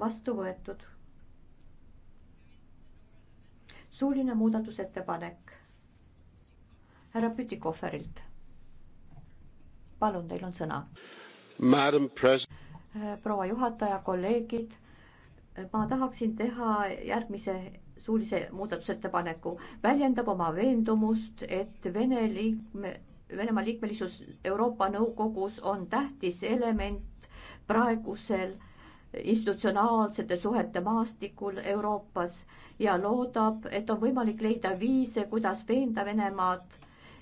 vastu võetud. suuline muudatusettepanek härra Pütikoferilt. palun, teil on sõna. Äh, proua juhataja, kolleegid, äh, ma tahaksin teha järgmise suulise muudatusettepaneku, väljendab oma veendumust, et Vene liikme, Venemaa liikmelisus Euroopa Nõukogus on tähtis element praegusel institutsionaalsete suhete maastikul Euroopas ja loodab, et on võimalik leida viise, kuidas veenda Venemaad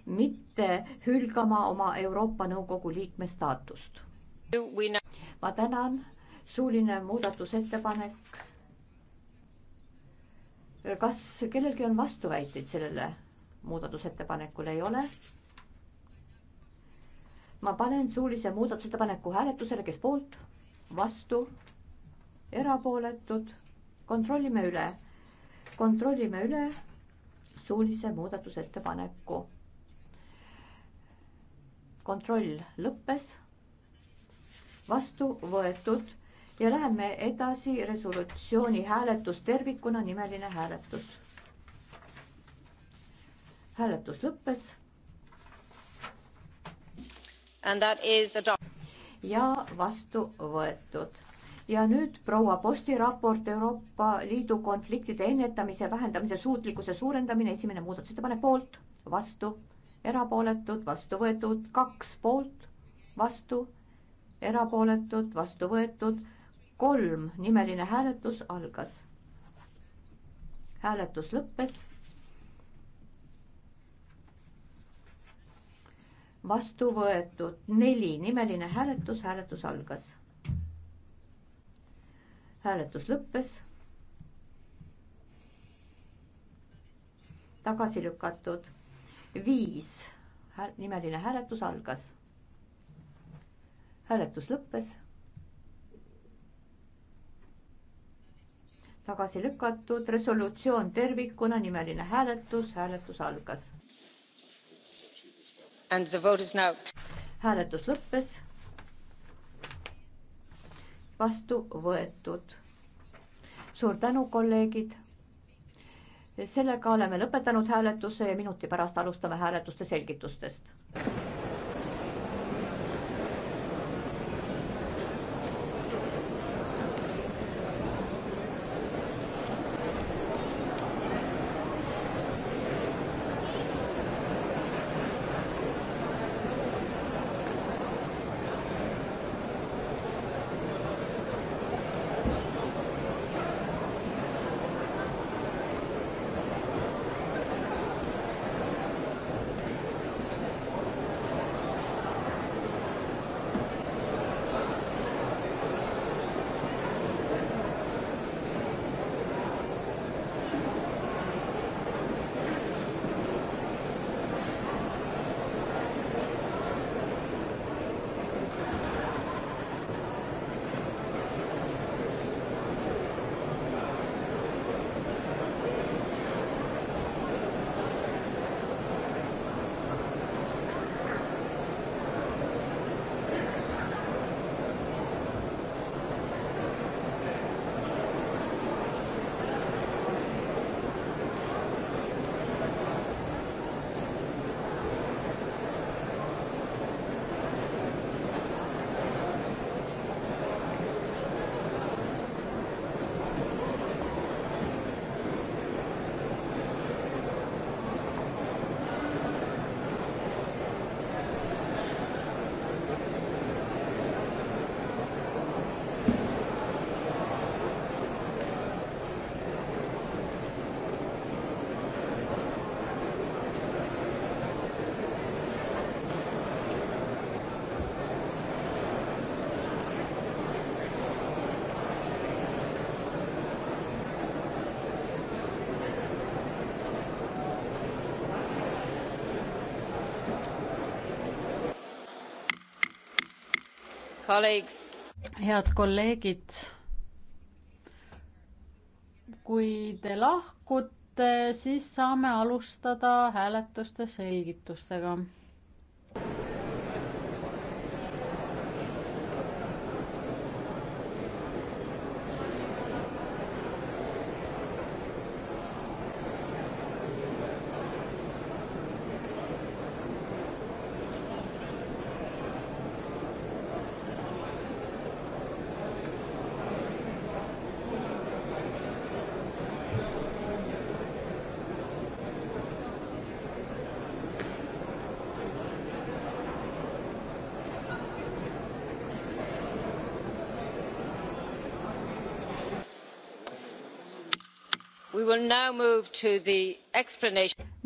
mitte hülgama oma Euroopa Nõukogu liikme staatust. ma tänan, suuline muudatusettepanek. kas kellelgi on vastuväiteid sellele muudatusettepanekule, ei ole? ma panen suulise muudatusettepaneku hääletusele, kes poolt, vastu erapooletud, kontrollime üle, kontrollime üle suulise muudatusettepaneku. kontroll lõppes, vastu võetud ja läheme edasi resolutsiooni hääletus tervikuna, nimeline hääletus. hääletus lõppes. ja vastu võetud ja nüüd proua Posti raport Euroopa Liidu konfliktide ennetamise vähendamise suutlikkuse suurendamine, esimene muudatusettepanek poolt, vastu, erapooletud, vastu võetud, kaks poolt, vastu, erapooletud, vastu võetud, kolm, nimeline hääletus algas. hääletus lõppes. vastu võetud neli, nimeline hääletus, hääletus algas hääletus lõppes. tagasi lükatud viis hääl, nimeline hääletus algas. hääletus lõppes. tagasi lükatud resolutsioon tervikuna, nimeline hääletus, hääletus algas. hääletus lõppes vastu võetud. suur tänu, kolleegid. sellega oleme lõpetanud hääletuse ja minuti pärast alustame hääletuste selgitustest head kolleegid, kui te lahkute, siis saame alustada hääletuste selgitustega.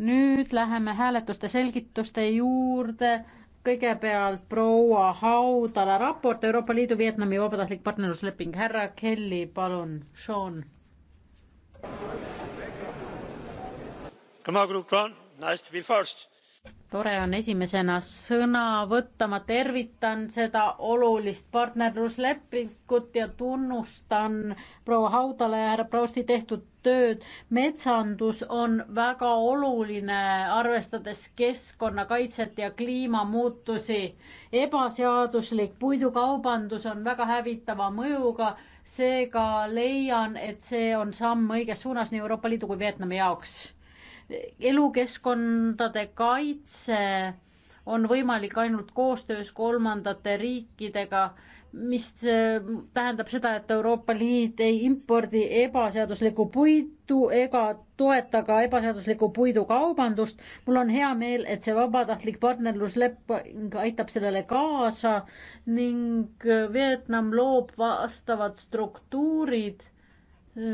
nüüd läheme hääletuste selgituste juurde. kõigepealt proua Haudala raport Euroopa Liidu Vietnami vabatahtlik partnerlusleping. härra Kelly, palun, Sean. Nice to be first tore on esimesena sõna võtta, ma tervitan seda olulist partnerluslepingut ja tunnustan proua Haudale ja härra Prousti tehtud tööd. metsandus on väga oluline, arvestades keskkonnakaitset ja kliimamuutusi. ebaseaduslik puidukaubandus on väga hävitava mõjuga, seega leian, et see on samm õiges suunas nii Euroopa Liidu kui Vietnami jaoks elukeskkondade kaitse on võimalik ainult koostöös kolmandate riikidega, mis äh, tähendab seda, et Euroopa Liit ei impordi ebaseaduslikku puitu ega toeta ka ebaseaduslikku puidukaubandust. mul on hea meel, et see vabatahtlik partnerlusleping aitab sellele kaasa ning Vietnam loob vastavad struktuurid.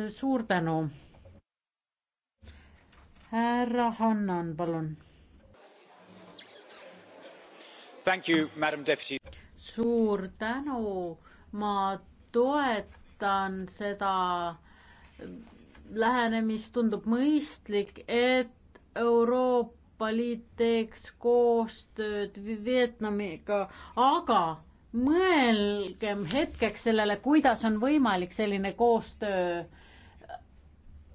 suur tänu härra Hannan, palun. suur tänu, ma toetan seda lähenemist, tundub mõistlik, et Euroopa Liit teeks koostööd Vietnamiga, aga mõelgem hetkeks sellele, kuidas on võimalik selline koostöö äh,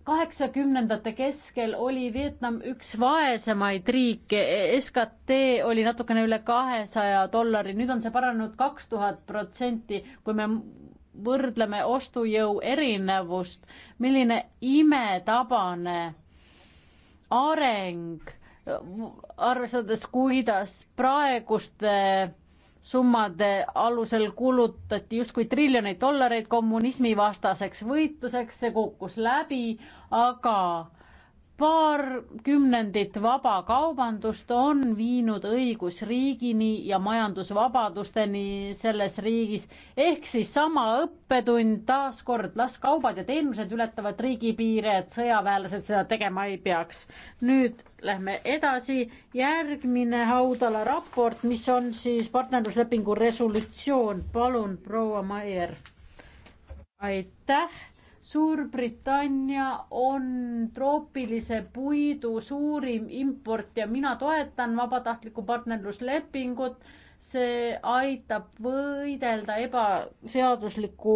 kaheksakümnendate keskel oli Vietnam üks vaesemaid riike, SKT oli natukene üle kahesaja dollari, nüüd on see paranenud kaks tuhat protsenti, kui me võrdleme ostujõu erinevust, milline imetabane areng, arvestades, kuidas praeguste summade alusel kulutati justkui triljoneid dollareid kommunismivastaseks võitluseks, see kukkus läbi, aga paar kümnendit vabakaubandust on viinud õigusriigini ja majandusvabadusteni selles riigis. ehk siis sama õppetund taaskord, las kaubad ja teenused ületavad riigipiire, et sõjaväelased seda tegema ei peaks. nüüd lähme edasi, järgmine Haudala raport, mis on siis partnerluslepingu resolutsioon, palun, proua Maier. aitäh Suurbritannia on troopilise puidu suurim import ja mina toetan vabatahtlikku partnerluslepingut. see aitab võidelda ebaseadusliku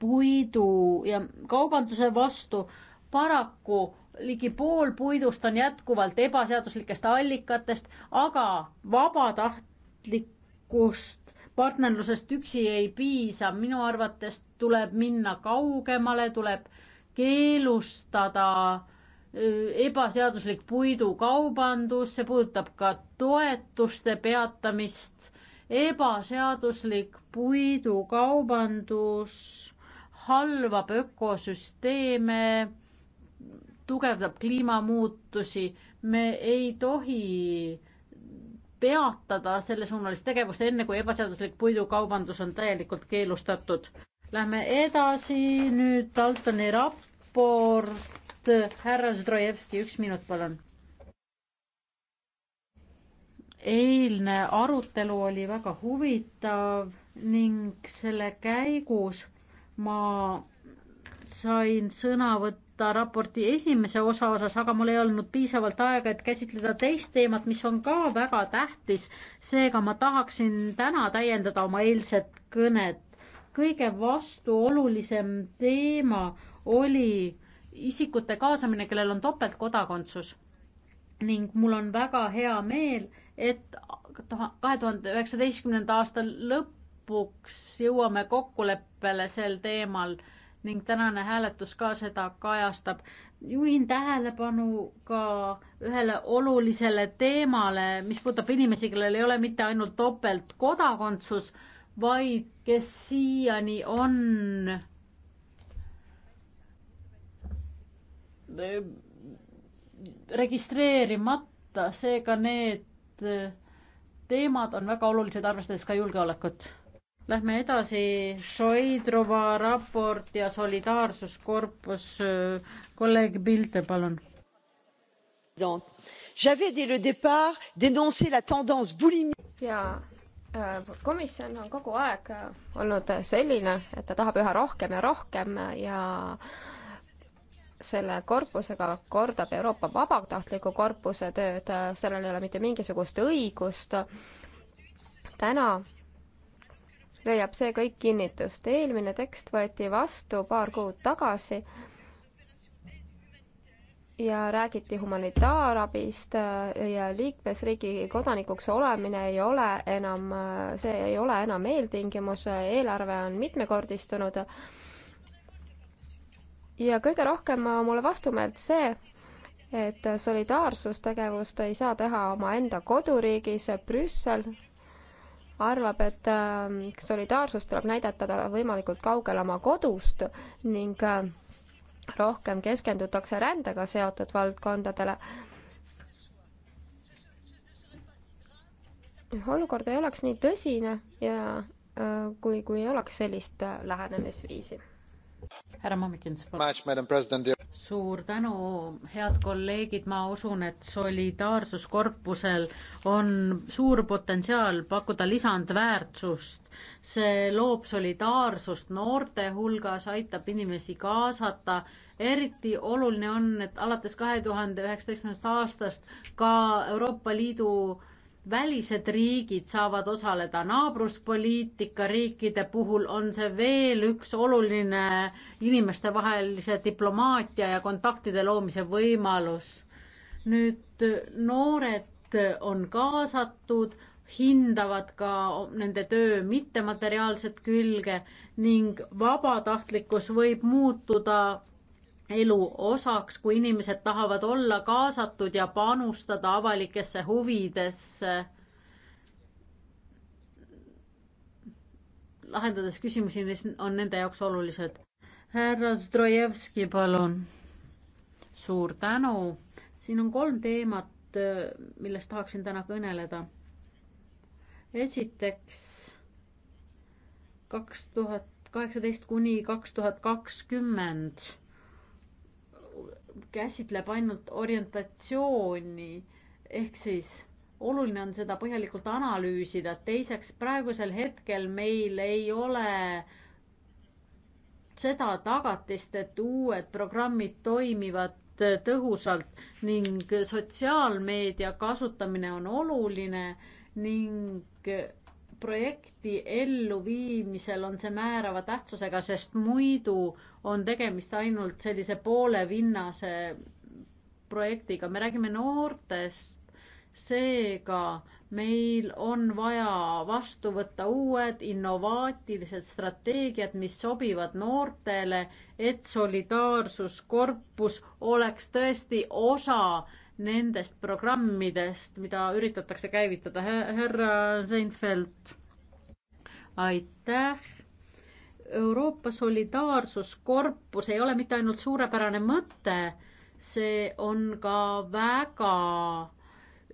puidu ja kaubanduse vastu. paraku ligi pool puidust on jätkuvalt ebaseaduslikest allikatest, aga vabatahtlikust partnerlusest üksi ei piisa, minu arvates tuleb minna kaugemale, tuleb keelustada ebaseaduslik puidukaubandus, see puudutab ka toetuste peatamist. ebaseaduslik puidukaubandus halvab ökosüsteeme, tugevdab kliimamuutusi. me ei tohi peatada sellesuunalist tegevust, enne kui ebaseaduslik puidukaubandus on täielikult keelustatud. Lähme edasi, nüüd Daltoni raport, härra Zdrojevski, üks minut, palun. eilne arutelu oli väga huvitav ning selle käigus ma sain sõna võtta ta raporti esimese osa osas, aga mul ei olnud piisavalt aega, et käsitleda teist teemat, mis on ka väga tähtis. seega ma tahaksin täna täiendada oma eilset kõnet. kõige vastuolulisem teema oli isikute kaasamine, kellel on topeltkodakondsus. ning mul on väga hea meel, et kahe tuhande üheksateistkümnenda aasta lõpuks jõuame kokkuleppele sel teemal ning tänane hääletus ka seda kajastab. juhin tähelepanu ka ühele olulisele teemale, mis puudutab inimesi, kellel ei ole mitte ainult topeltkodakondsus, vaid kes siiani on eh, registreerimata, seega need eh, teemad on väga olulised, arvestades ka julgeolekut Lähme edasi, Šoidrova raport ja solidaarsuskorpus, kolleeg Pilte, palun présidente j'avais dès le départ dénoncé la tendance boulimique äh, komisjon on kogu aeg äh, olnud selline, et ta tahab üha rohkem ja rohkem ja selle korpusega kordab Euroopa vabatahtliku korpuse tööd, äh, sellel ei ole mitte mingisugust õigust. täna leiab see kõik kinnitust. eelmine tekst võeti vastu paar kuud tagasi ja räägiti humanitaarabist äh, ja liikmesriigi kodanikuks olemine ei ole enam, äh, see ei ole enam eeltingimus, eelarve on mitmekordistunud. ja kõige rohkem mulle vastumeelt see, et solidaarsustegevust ei saa teha omaenda koduriigis, Brüssel arvab, et äh, solidaarsust tuleb näidata võimalikult kaugel oma kodust ning äh, rohkem keskendutakse rändega seotud valdkondadele. olukord ei oleks nii tõsine ja äh, kui, kui ei oleks sellist lähenemisviisi härra Mamikins. suur tänu, head kolleegid, ma usun, et solidaarsuskorpusel on suur potentsiaal pakkuda lisandväärtust. see loob solidaarsust noorte hulgas, aitab inimesi kaasata, eriti oluline on, et alates kahe tuhande üheksateistkümnendast aastast ka Euroopa Liidu välised riigid saavad osaleda naabruspoliitika riikide puhul, on see veel üks oluline inimestevahelise diplomaatia ja kontaktide loomise võimalus. nüüd noored on kaasatud, hindavad ka nende töö mittemateriaalset külge ning vabatahtlikkus võib muutuda elu osaks, kui inimesed tahavad olla kaasatud ja panustada avalikesse huvidesse. lahendades küsimusi, mis on nende jaoks olulised. härra Zdrojevski, palun. suur tänu. siin on kolm teemat, millest tahaksin täna kõneleda. esiteks kaks tuhat kaheksateist kuni kaks tuhat kakskümmend käsitleb ainult orientatsiooni ehk siis oluline on seda põhjalikult analüüsida. teiseks, praegusel hetkel meil ei ole seda tagatist, et uued programmid toimivad tõhusalt ning sotsiaalmeedia kasutamine on oluline ning projekti elluviimisel on see määrava tähtsusega, sest muidu on tegemist ainult sellise poole vinnase projektiga, me räägime noortest, seega meil on vaja vastu võtta uued innovaatilised strateegiad, mis sobivad noortele, et solidaarsuskorpus oleks tõesti osa nendest programmidest, mida üritatakse käivitada. härra Seinfeld, aitäh. Euroopa Solidaarsuskorpus ei ole mitte ainult suurepärane mõte, see on ka väga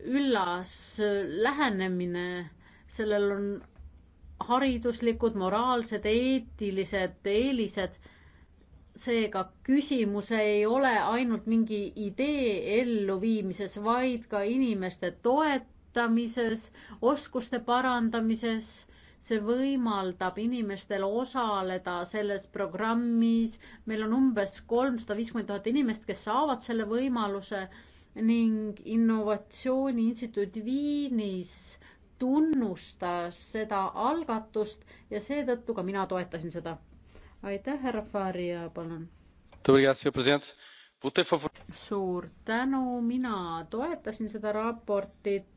üllas lähenemine, sellel on hariduslikud, moraalsed, eetilised eelised seega küsimus ei ole ainult mingi idee elluviimises, vaid ka inimeste toetamises, oskuste parandamises. see võimaldab inimestel osaleda selles programmis. meil on umbes kolmsada viiskümmend tuhat inimest, kes saavad selle võimaluse ning Innovatsiooni Instituut Viinis tunnustas seda algatust ja seetõttu ka mina toetasin seda aitäh, härra Faria, palun. suur tänu, mina toetasin seda raportit,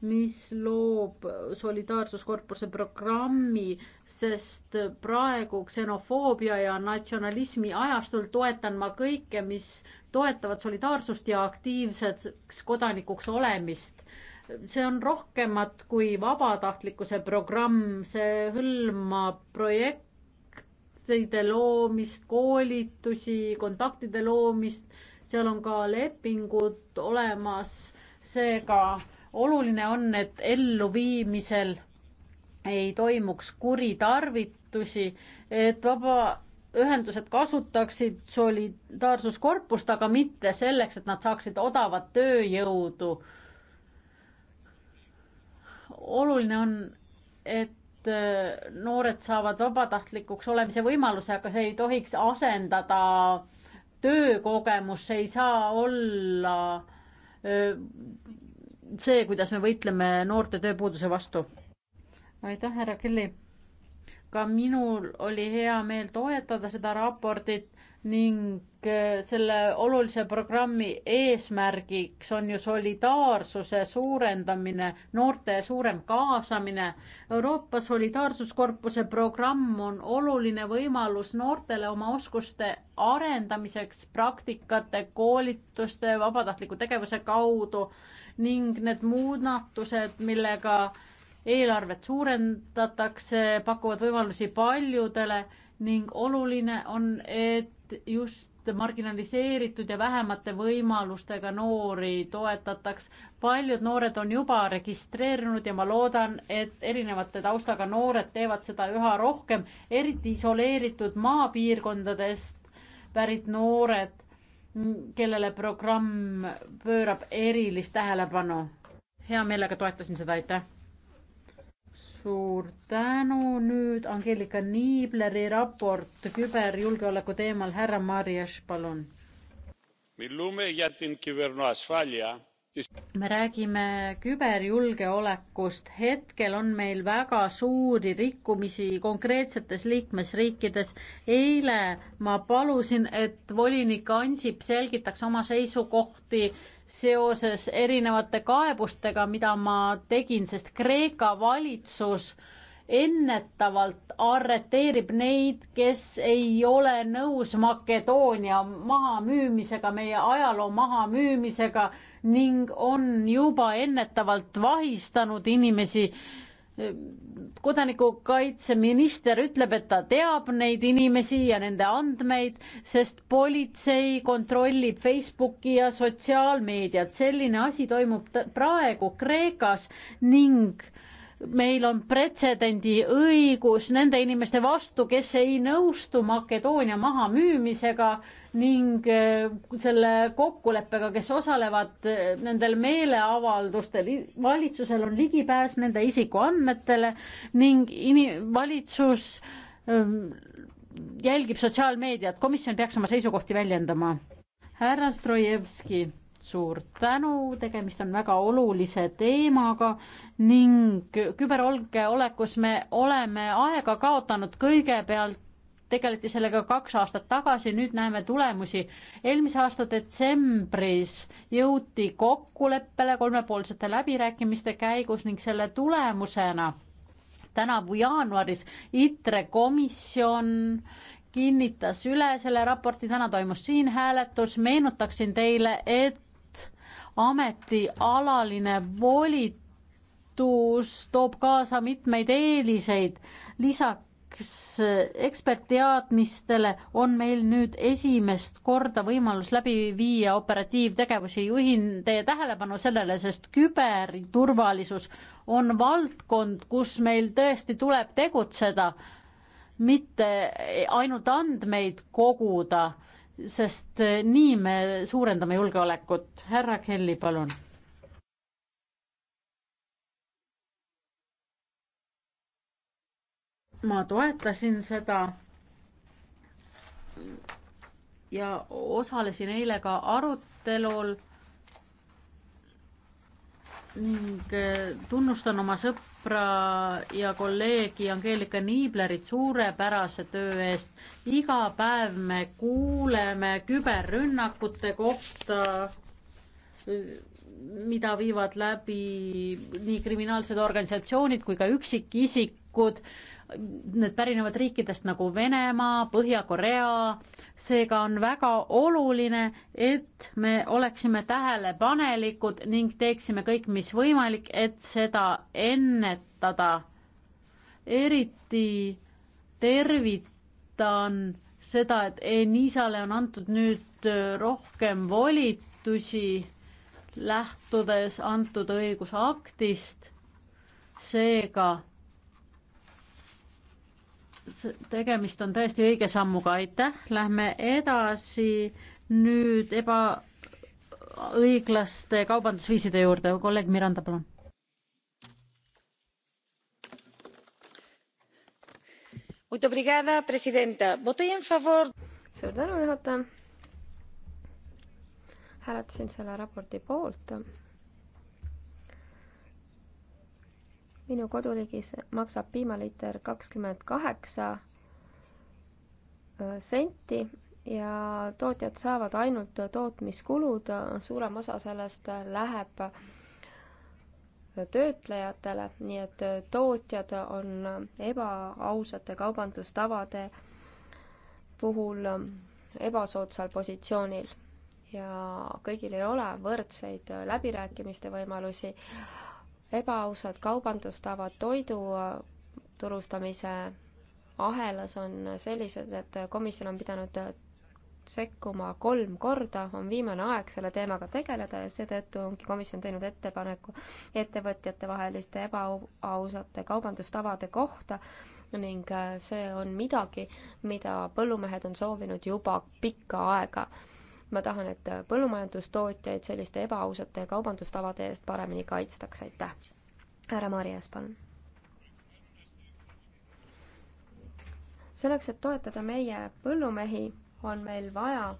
mis loob solidaarsuskorpuse programmi, sest praegu ksenofoobia ja natsionalismi ajastul toetan ma kõike, mis toetavad solidaarsust ja aktiivseks kodanikuks olemist see on rohkemat kui vabatahtlikkuse programm, see hõlmab projekt, kontaktide loomist, koolitusi, kontaktide loomist, seal on ka lepingud olemas, seega oluline on, et elluviimisel ei toimuks kuritarvitusi, et vabaühendused kasutaksid solidaarsuskorpust, aga mitte selleks, et nad saaksid odavat tööjõudu. oluline on, et Äh, noored saavad vabatahtlikuks olemise võimaluse, aga see ei tohiks asendada töökogemus, see ei saa olla äh, see, kuidas me võitleme noorte tööpuuduse vastu. aitäh, härra Kelly. ka minul oli hea meel toetada seda raportit ning äh, selle olulise programmi eesmärgiks on ju solidaarsuse suurendamine, noorte suurem kaasamine. Euroopa Solidaarsuskorpuse programm on oluline võimalus noortele oma oskuste arendamiseks praktikate, koolituste, vabatahtliku tegevuse kaudu ning need muudatused, millega eelarvet suurendatakse, pakuvad võimalusi paljudele ning oluline on, et et just marginaliseeritud ja vähemate võimalustega noori toetataks. paljud noored on juba registreerunud ja ma loodan, et erinevate taustaga noored teevad seda üha rohkem, eriti isoleeritud maapiirkondadest pärit noored, kellele programm pöörab erilist tähelepanu. hea meelega toetasin seda, aitäh! suur tänu, nüüd Angelika Niibleri raport küberjulgeoleku teemal, härra Marias, palun me räägime küberjulgeolekust. hetkel on meil väga suuri rikkumisi konkreetsetes liikmesriikides. eile ma palusin, et volinik Ansip selgitaks oma seisukohti seoses erinevate kaebustega, mida ma tegin, sest Kreeka valitsus ennetavalt arreteerib neid, kes ei ole nõus Makedoonia mahamüümisega, meie ajaloo mahamüümisega ning on juba ennetavalt vahistanud inimesi. kodanikukaitseminister ütleb, et ta teab neid inimesi ja nende andmeid, sest politsei kontrollib Facebooki ja sotsiaalmeediat. selline asi toimub praegu Kreekas ning meil on pretsedendi õigus nende inimeste vastu, kes ei nõustu Makedoonia mahamüümisega ning eh, selle kokkuleppega, kes osalevad eh, nendel meeleavaldustel, valitsusel on ligipääs nende isikuandmetele ning ini-, valitsus ehm, jälgib sotsiaalmeediat, komisjon peaks oma seisukohti väljendama. härra Strojevski, suur tänu, tegemist on väga olulise teemaga ning küberolgeolekus me oleme aega kaotanud kõigepealt tegeleti sellega kaks aastat tagasi, nüüd näeme tulemusi. eelmise aasta detsembris jõuti kokkuleppele kolmepoolsete läbirääkimiste käigus ning selle tulemusena tänavu jaanuaris ITRE komisjon kinnitas üle selle raporti, täna toimus siin hääletus, meenutaksin teile, et ametialaline volitus toob kaasa mitmeid eeliseid, lisaks lisaks äh, ekspertteadmistele on meil nüüd esimest korda võimalus läbi viia operatiivtegevusi. juhin teie tähelepanu sellele, sest küberturvalisus on valdkond, kus meil tõesti tuleb tegutseda, mitte ainult andmeid koguda, sest äh, nii me suurendame julgeolekut. härra Kelly, palun ma toetasin seda ja osalesin eile ka arutelul ning eh, tunnustan oma sõpra ja kolleegi Angeelika Niiblerit suurepärase töö eest. iga päev me kuuleme küberrünnakute kohta, mida viivad läbi nii kriminaalsed organisatsioonid kui ka üksikisikud Need pärinevad riikidest nagu Venemaa, Põhja-Korea, seega on väga oluline, et me oleksime tähelepanelikud ning teeksime kõik, mis võimalik, et seda ennetada. eriti tervitan seda, et Enisale on antud nüüd rohkem volitusi, lähtudes antud õigusaktist seega tegemist on täiesti õige sammuga, aitäh, lähme edasi nüüd ebaõiglaste kaubandusviiside juurde, kolleeg Miranda, palun. suur tänu, juhataja. hääletasin selle raporti poolt minu koduriigis maksab piimaliiter kakskümmend kaheksa äh, senti ja tootjad saavad ainult tootmiskulud, suurem osa sellest läheb äh, töötlejatele, nii et äh, tootjad on ebaausate kaubandustavade puhul ebasoodsal positsioonil ja kõigil ei ole võrdseid läbirääkimiste võimalusi ebaausad kaubandustavad toidu äh, turustamise ahelas on sellised, et komisjon on pidanud äh, sekkuma kolm korda, on viimane aeg selle teemaga tegeleda ja seetõttu ongi komisjon teinud ettepaneku ettevõtjatevaheliste ebaausate kaubandustavade kohta ning äh, see on midagi, mida põllumehed on soovinud juba pikka aega ma tahan, et põllumajandustootjaid selliste ebaausate kaubandustavade eest paremini kaitstaks, aitäh. härra Marias, palun. selleks, et toetada meie põllumehi, on meil vaja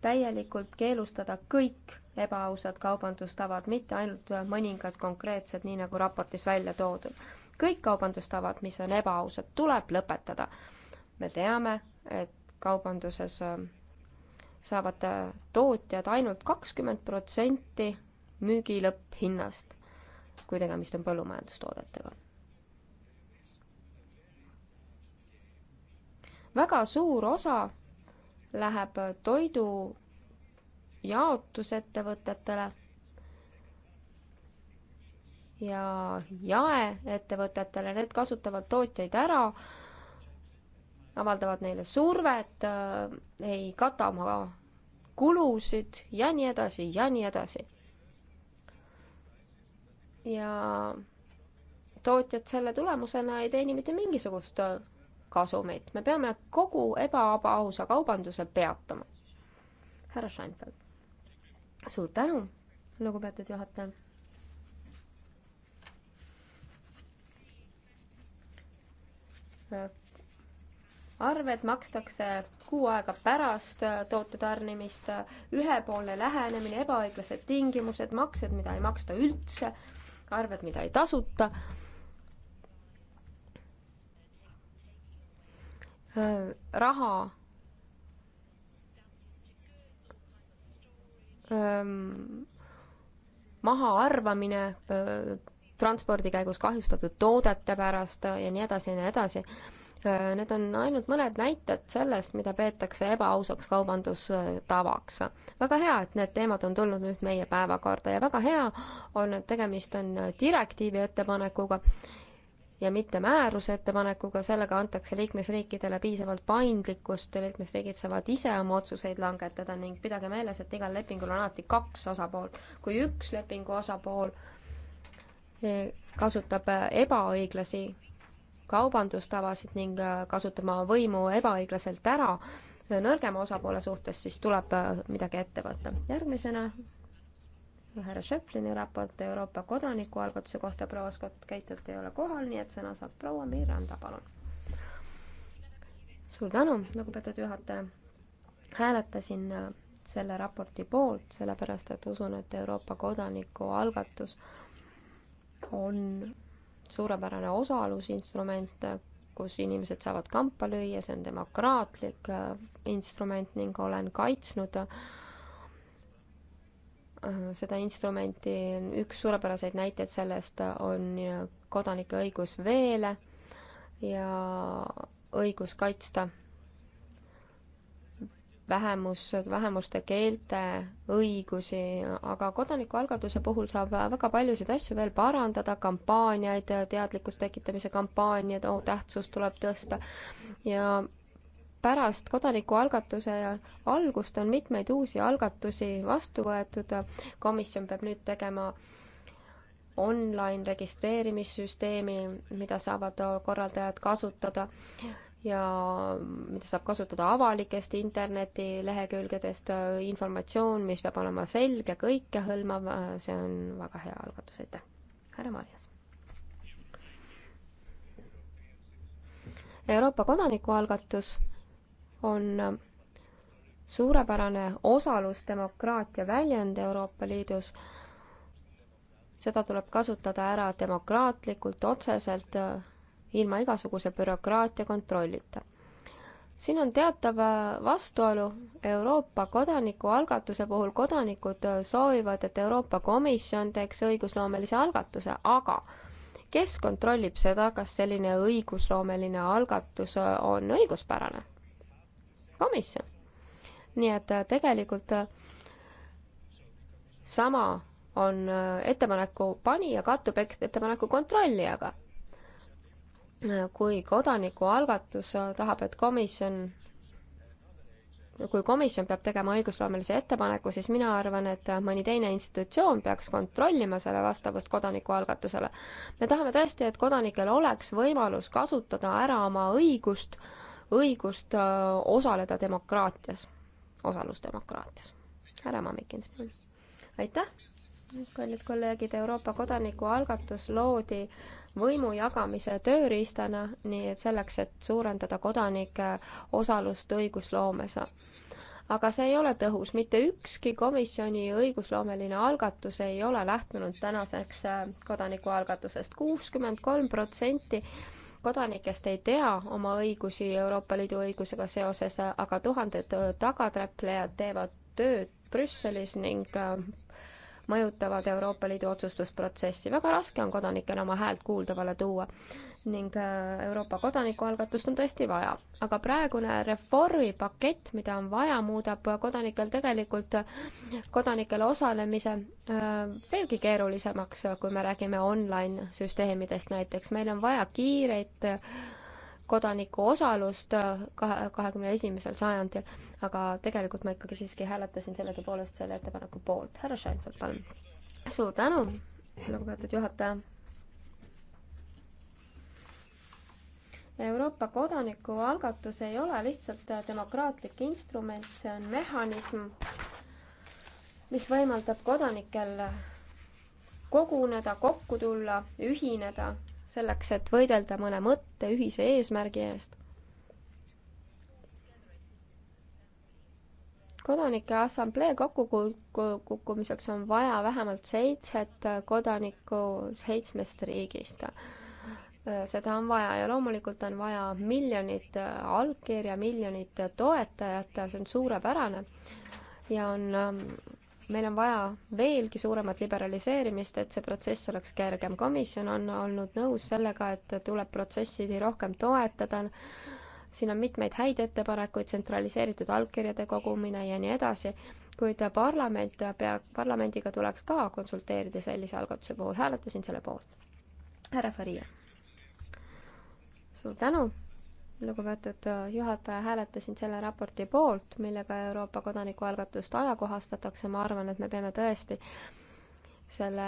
täielikult keelustada kõik ebaausad kaubandustavad, mitte ainult mõningad konkreetsed, nii nagu raportis välja toodud. kõik kaubandustavad, mis on ebaausad, tuleb lõpetada. me teame, et kaubanduses saavad äh, tootjad ainult kakskümmend protsenti müügi lõpphinnast, kui tegemist on põllumajandustoodetega. väga suur osa läheb toidu jaotusettevõtetele ja jaeettevõtetele, need kasutavad tootjaid ära avaldavad neile survet, äh, ei kata oma kulusid ja nii edasi ja nii edasi. ja tootjad selle tulemusena ei teeni mitte mingisugust äh, kasumit, me peame kogu ebaausa kaubanduse peatama. härra Scheinfeld. suur tänu, lugupeetud juhataja arved makstakse kuu aega pärast äh, toote tarnimist, äh, ühepoolne lähenemine, ebaõiglased tingimused, maksed, mida ei maksta üldse, arved, mida ei tasuta. Äh, raha ähm, mahaarvamine transpordi käigus kahjustatud toodete pärast ja nii edasi ja nii edasi Äh, need on ainult mõned näited sellest, mida peetakse ebaausaks kaubandustavaks. väga hea, et need teemad on tulnud nüüd meie päevakorda ja väga hea on, et tegemist on direktiivi ettepanekuga ja mitte määruse ettepanekuga, sellega antakse liikmesriikidele piisavalt paindlikkust ja liikmesriigid saavad ise oma otsuseid langetada ning pidage meeles, et igal lepingul on alati kaks osapoolt. kui üks lepingu osapool eh, kasutab ebaõiglasi kaubandustavasid ning äh, kasutama võimu ebaõiglaselt ära äh, nõrgema osapoole suhtes, siis tuleb äh, midagi ette võtta. järgmisena härra Schöpflini raport Euroopa kodanikualgatuse kohta, proua Scott Keitot ei ole kohal, nii et sõna saab proua Miranda, palun. suur tänu, lugupeetud juhataja. hääletasin selle raporti poolt, sellepärast et usun, et Euroopa kodanikualgatus on suurepärane osalusinstrument, kus inimesed saavad kampa lüüa, see on demokraatlik äh, instrument ning olen kaitsnud äh, seda instrumenti, üks suurepäraseid näiteid sellest on äh, kodanike õigus veele ja õigus kaitsta vähemus, vähemuste keelte õigusi, aga kodanikualgatuse puhul saab väga paljusid asju veel parandada, kampaaniaid, teadlikkuse tekitamise kampaaniaid oh,, tähtsust tuleb tõsta ja pärast kodanikualgatuse algust on mitmeid uusi algatusi vastu võetud, komisjon peab nüüd tegema online registreerimissüsteemi, mida saavad korraldajad kasutada ja mida saab kasutada avalikest internetilehekülgedest, äh, informatsioon, mis peab olema selge, kõikehõlmav, äh, see on väga hea algatus, aitäh. härra Marjas. Euroopa kodanikualgatus on äh, suurepärane osalusdemokraatia väljend Euroopa Liidus. seda tuleb kasutada ära demokraatlikult, otseselt ilma igasuguse bürokraatia kontrollita. siin on teatav äh, vastuolu Euroopa kodanikualgatuse puhul, kodanikud äh, soovivad, et Euroopa Komisjon teeks õigusloomelise algatuse, aga kes kontrollib seda, kas selline õigusloomeline algatus äh, on õiguspärane? komisjon. nii et tegelikult sama on ettepaneku panija kattub ettepaneku kontrollijaga kui kodanikualgatus tahab, et komisjon kui komisjon peab tegema õigusloomelise ettepaneku, siis mina arvan, et mõni teine institutsioon peaks kontrollima selle vastavust kodanikualgatusele. me tahame tõesti, et kodanikel oleks võimalus kasutada ära oma õigust, õigust äh, osaleda demokraatias, osalusdemokraatias. härra Mamikins, palun. aitäh! kallid kolleegid, Euroopa kodanikualgatus loodi võimu jagamise tööriistana, nii et selleks, et suurendada kodanike osalust õigusloomes. aga see ei ole tõhus, mitte ükski komisjoni õigusloomeline algatus ei ole lähtunud tänaseks äh, kodanikualgatusest. kuuskümmend kolm protsenti kodanikest ei tea oma õigusi Euroopa Liidu õigusega seoses, aga tuhanded tagatrepplejad teevad tööd Brüsselis ning äh, mõjutavad Euroopa Liidu otsustusprotsessi. väga raske on kodanikel oma häält kuuldavale tuua ning äh, Euroopa kodanikualgatust on tõesti vaja. aga praegune reformipakett, mida on vaja, muudab kodanikel tegelikult, äh, kodanikele osalemise äh, veelgi keerulisemaks, kui me räägime online süsteemidest näiteks. meil on vaja kiireid kodaniku osalust äh, kahe, kahekümne esimesel sajandil, aga tegelikult ma ikkagi siiski hääletasin sellegipoolest selle ettepaneku poolt. härra Scheinfeld, palun. suur tänu, lugupeetud juhataja. Euroopa kodanikualgatus ei ole lihtsalt demokraatlik instrument, see on mehhanism, mis võimaldab kodanikel koguneda, kokku tulla, ühineda selleks, et võidelda mõne mõtte ühise eesmärgi eest. kodanike assamblee kokkukukkumiseks on vaja vähemalt seitset kodanikku seitsmest riigist. seda on vaja ja loomulikult on vaja miljonit allkirja, miljonit toetajat, see on suurepärane ja on ähm, meil on vaja veelgi suuremat liberaliseerimist, et see protsess oleks kergem. komisjon on olnud nõus sellega, et tuleb protsessi rohkem toetada, siin on mitmeid häid ettepanekuid, tsentraliseeritud allkirjade kogumine ja nii edasi, kuid parlament peab, parlamendiga tuleks ka konsulteerida sellise algatuse puhul, hääletasin selle poolt. härra Faria. suur tänu lugupeetud äh, juhataja, hääletasin selle raporti poolt, millega Euroopa kodanikualgatust ajakohastatakse, ma arvan, et me peame tõesti selle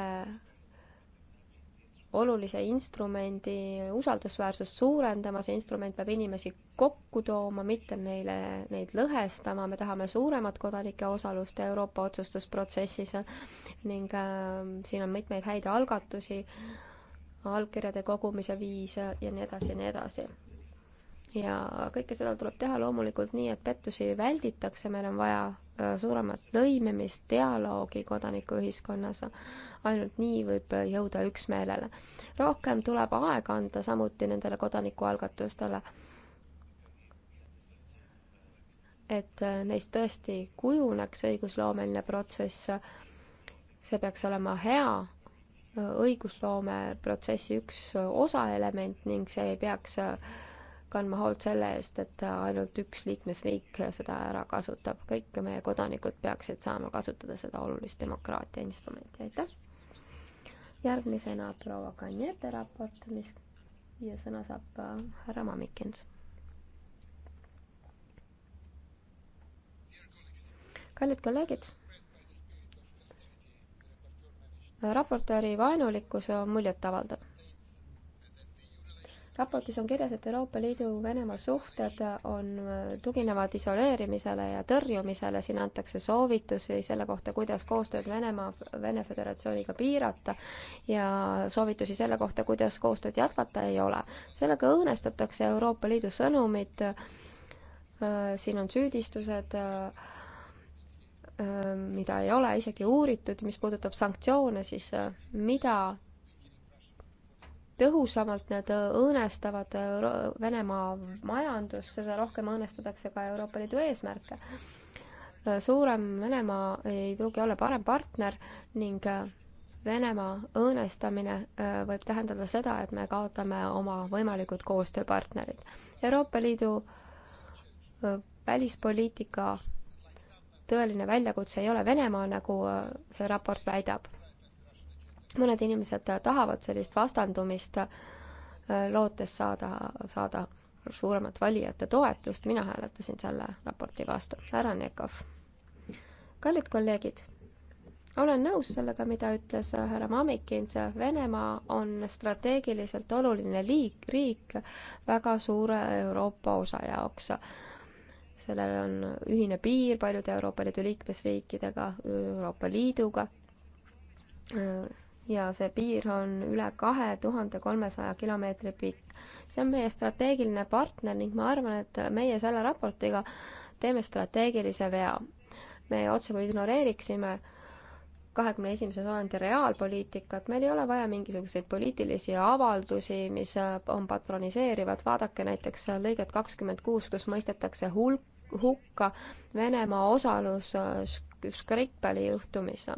olulise instrumendi usaldusväärsust suurendama, see instrument peab inimesi kokku tooma, mitte neile, neid lõhestama, me tahame suuremat kodanike osalust Euroopa otsustusprotsessis ning äh, siin on mitmeid häid algatusi, allkirjade kogumise viis ja nii edasi ja nii edasi ja kõike seda tuleb teha loomulikult nii, et pettusi välditakse, meil on vaja äh, suuremat lõimimist, dialoogi kodanikuühiskonnas. ainult nii võib jõuda üksmeelele. rohkem tuleb aega anda samuti nendele kodanikualgatustele, et äh, neist tõesti kujuneks õigusloomeline protsess. see peaks olema hea äh, õigusloome protsessi üks osaelement ning see ei peaks kandma hoolt selle eest, et ainult üks liikmesriik seda ära kasutab. kõik meie kodanikud peaksid saama kasutada seda olulist demokraatia instrumenti, aitäh! järgmisena proua Kanjete raport, mis ja sõna saab äh, härra Mamikens. kallid kolleegid raportööri vaenulikkus muljet avaldav raportis on kirjas, et Euroopa Liidu Venemaa suhted on, äh, tuginevad isoleerimisele ja tõrjumisele, siin antakse soovitusi selle kohta, kuidas koostööd Venemaa, Vene Föderatsiooniga piirata ja soovitusi selle kohta, kuidas koostööd jätkata ei ole. sellega õõnestatakse Euroopa Liidu sõnumit, äh, siin on süüdistused, äh, mida ei ole isegi uuritud, mis puudutab sanktsioone, siis mida tõhusamalt nad õõnestavad äh, Venemaa majandust, seda rohkem õõnestatakse ka Euroopa Liidu eesmärke. Äh, suurem Venemaa ei pruugi olla parem partner ning äh, Venemaa õõnestamine võib tähendada seda, et me kaotame oma võimalikud koostööpartnerid. Euroopa Liidu välispoliitika tõeline väljakutse ei ole Venemaa, nagu see raport väidab mõned inimesed tahavad sellist vastandumist, äh, lootes saada, saada suuremat valijate toetust, mina hääletasin selle raporti vastu. härra Nekov. kallid kolleegid, olen nõus sellega, mida ütles härra Mamikins, Venemaa on strateegiliselt oluline liik, riik väga suure Euroopa osa jaoks. sellel on ühine piir paljude Euroopa Liidu liikmesriikidega, Euroopa Liiduga ja see piir on üle kahe tuhande kolmesaja kilomeetri pikk. see on meie strateegiline partner ning ma arvan, et meie selle raportiga teeme strateegilise vea. me otsekui ignoreeriksime kahekümne esimese sajandi reaalpoliitikat, meil ei ole vaja mingisuguseid poliitilisi avaldusi, mis on patroniseerivad, vaadake näiteks lõiget kakskümmend kuus, kus mõistetakse hulk, hukka Venemaa osalus Skripali juhtumis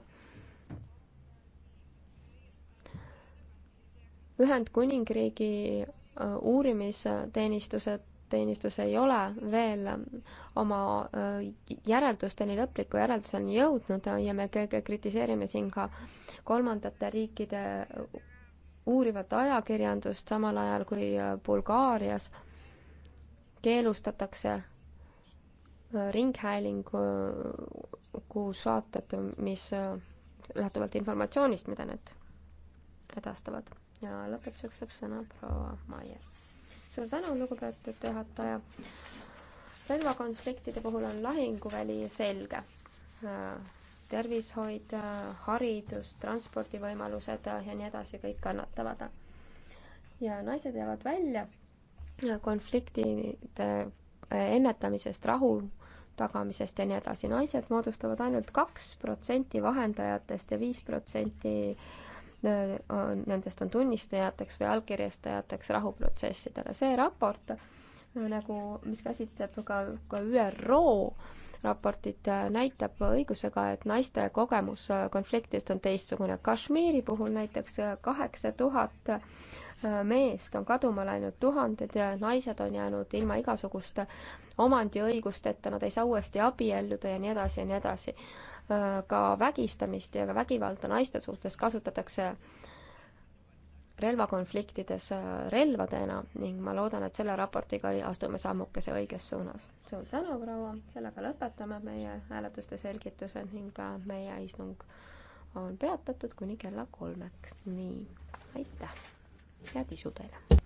Ühendkuningriigi äh, uurimisteenistused teenistus ei ole veel äh, oma äh, järeldusteni, lõpliku järelduseni jõudnud ja me kritiseerime siin ka kolmandate riikide uurivat ajakirjandust, samal ajal kui Bulgaarias keelustatakse ringhäälingu saated, mis lähtuvalt informatsioonist, mida need edastavad ja lõpetuseks saab sõna proua Maier. suur tänu, lugupeetud juhataja. relvakonfliktide puhul on lahinguväli selge. Äh, tervishoid, äh, haridus, transpordivõimalused äh, ja nii edasi, kõik kannatavad. ja naised jäävad välja konfliktide ennetamisest, rahu tagamisest ja nii edasi. naised moodustavad ainult kaks protsenti vahendajatest ja viis protsenti nendest on tunnistajateks või allkirjastajateks rahuprotsessidele. see raport nagu, mis käsitleb ka, ka ÜRO raportit, näitab õigusega, et naiste kogemus konfliktist on teistsugune. Kashmiri puhul näiteks kaheksa tuhat meest on kaduma läinud tuhanded ja naised on jäänud ilma igasuguste omandiõigusteta, nad ei saa uuesti abielluda ja nii edasi ja nii edasi. ka vägistamist ja ka vägivalda naiste suhtes kasutatakse relvakonfliktides relvadena ning ma loodan, et selle raportiga astume sammukese õiges suunas. suur tänu, proua, sellega lõpetame meie hääletuste selgituse ning ka meie istung on peatatud kuni kella kolmeks, nii, aitäh! ja tisu teile!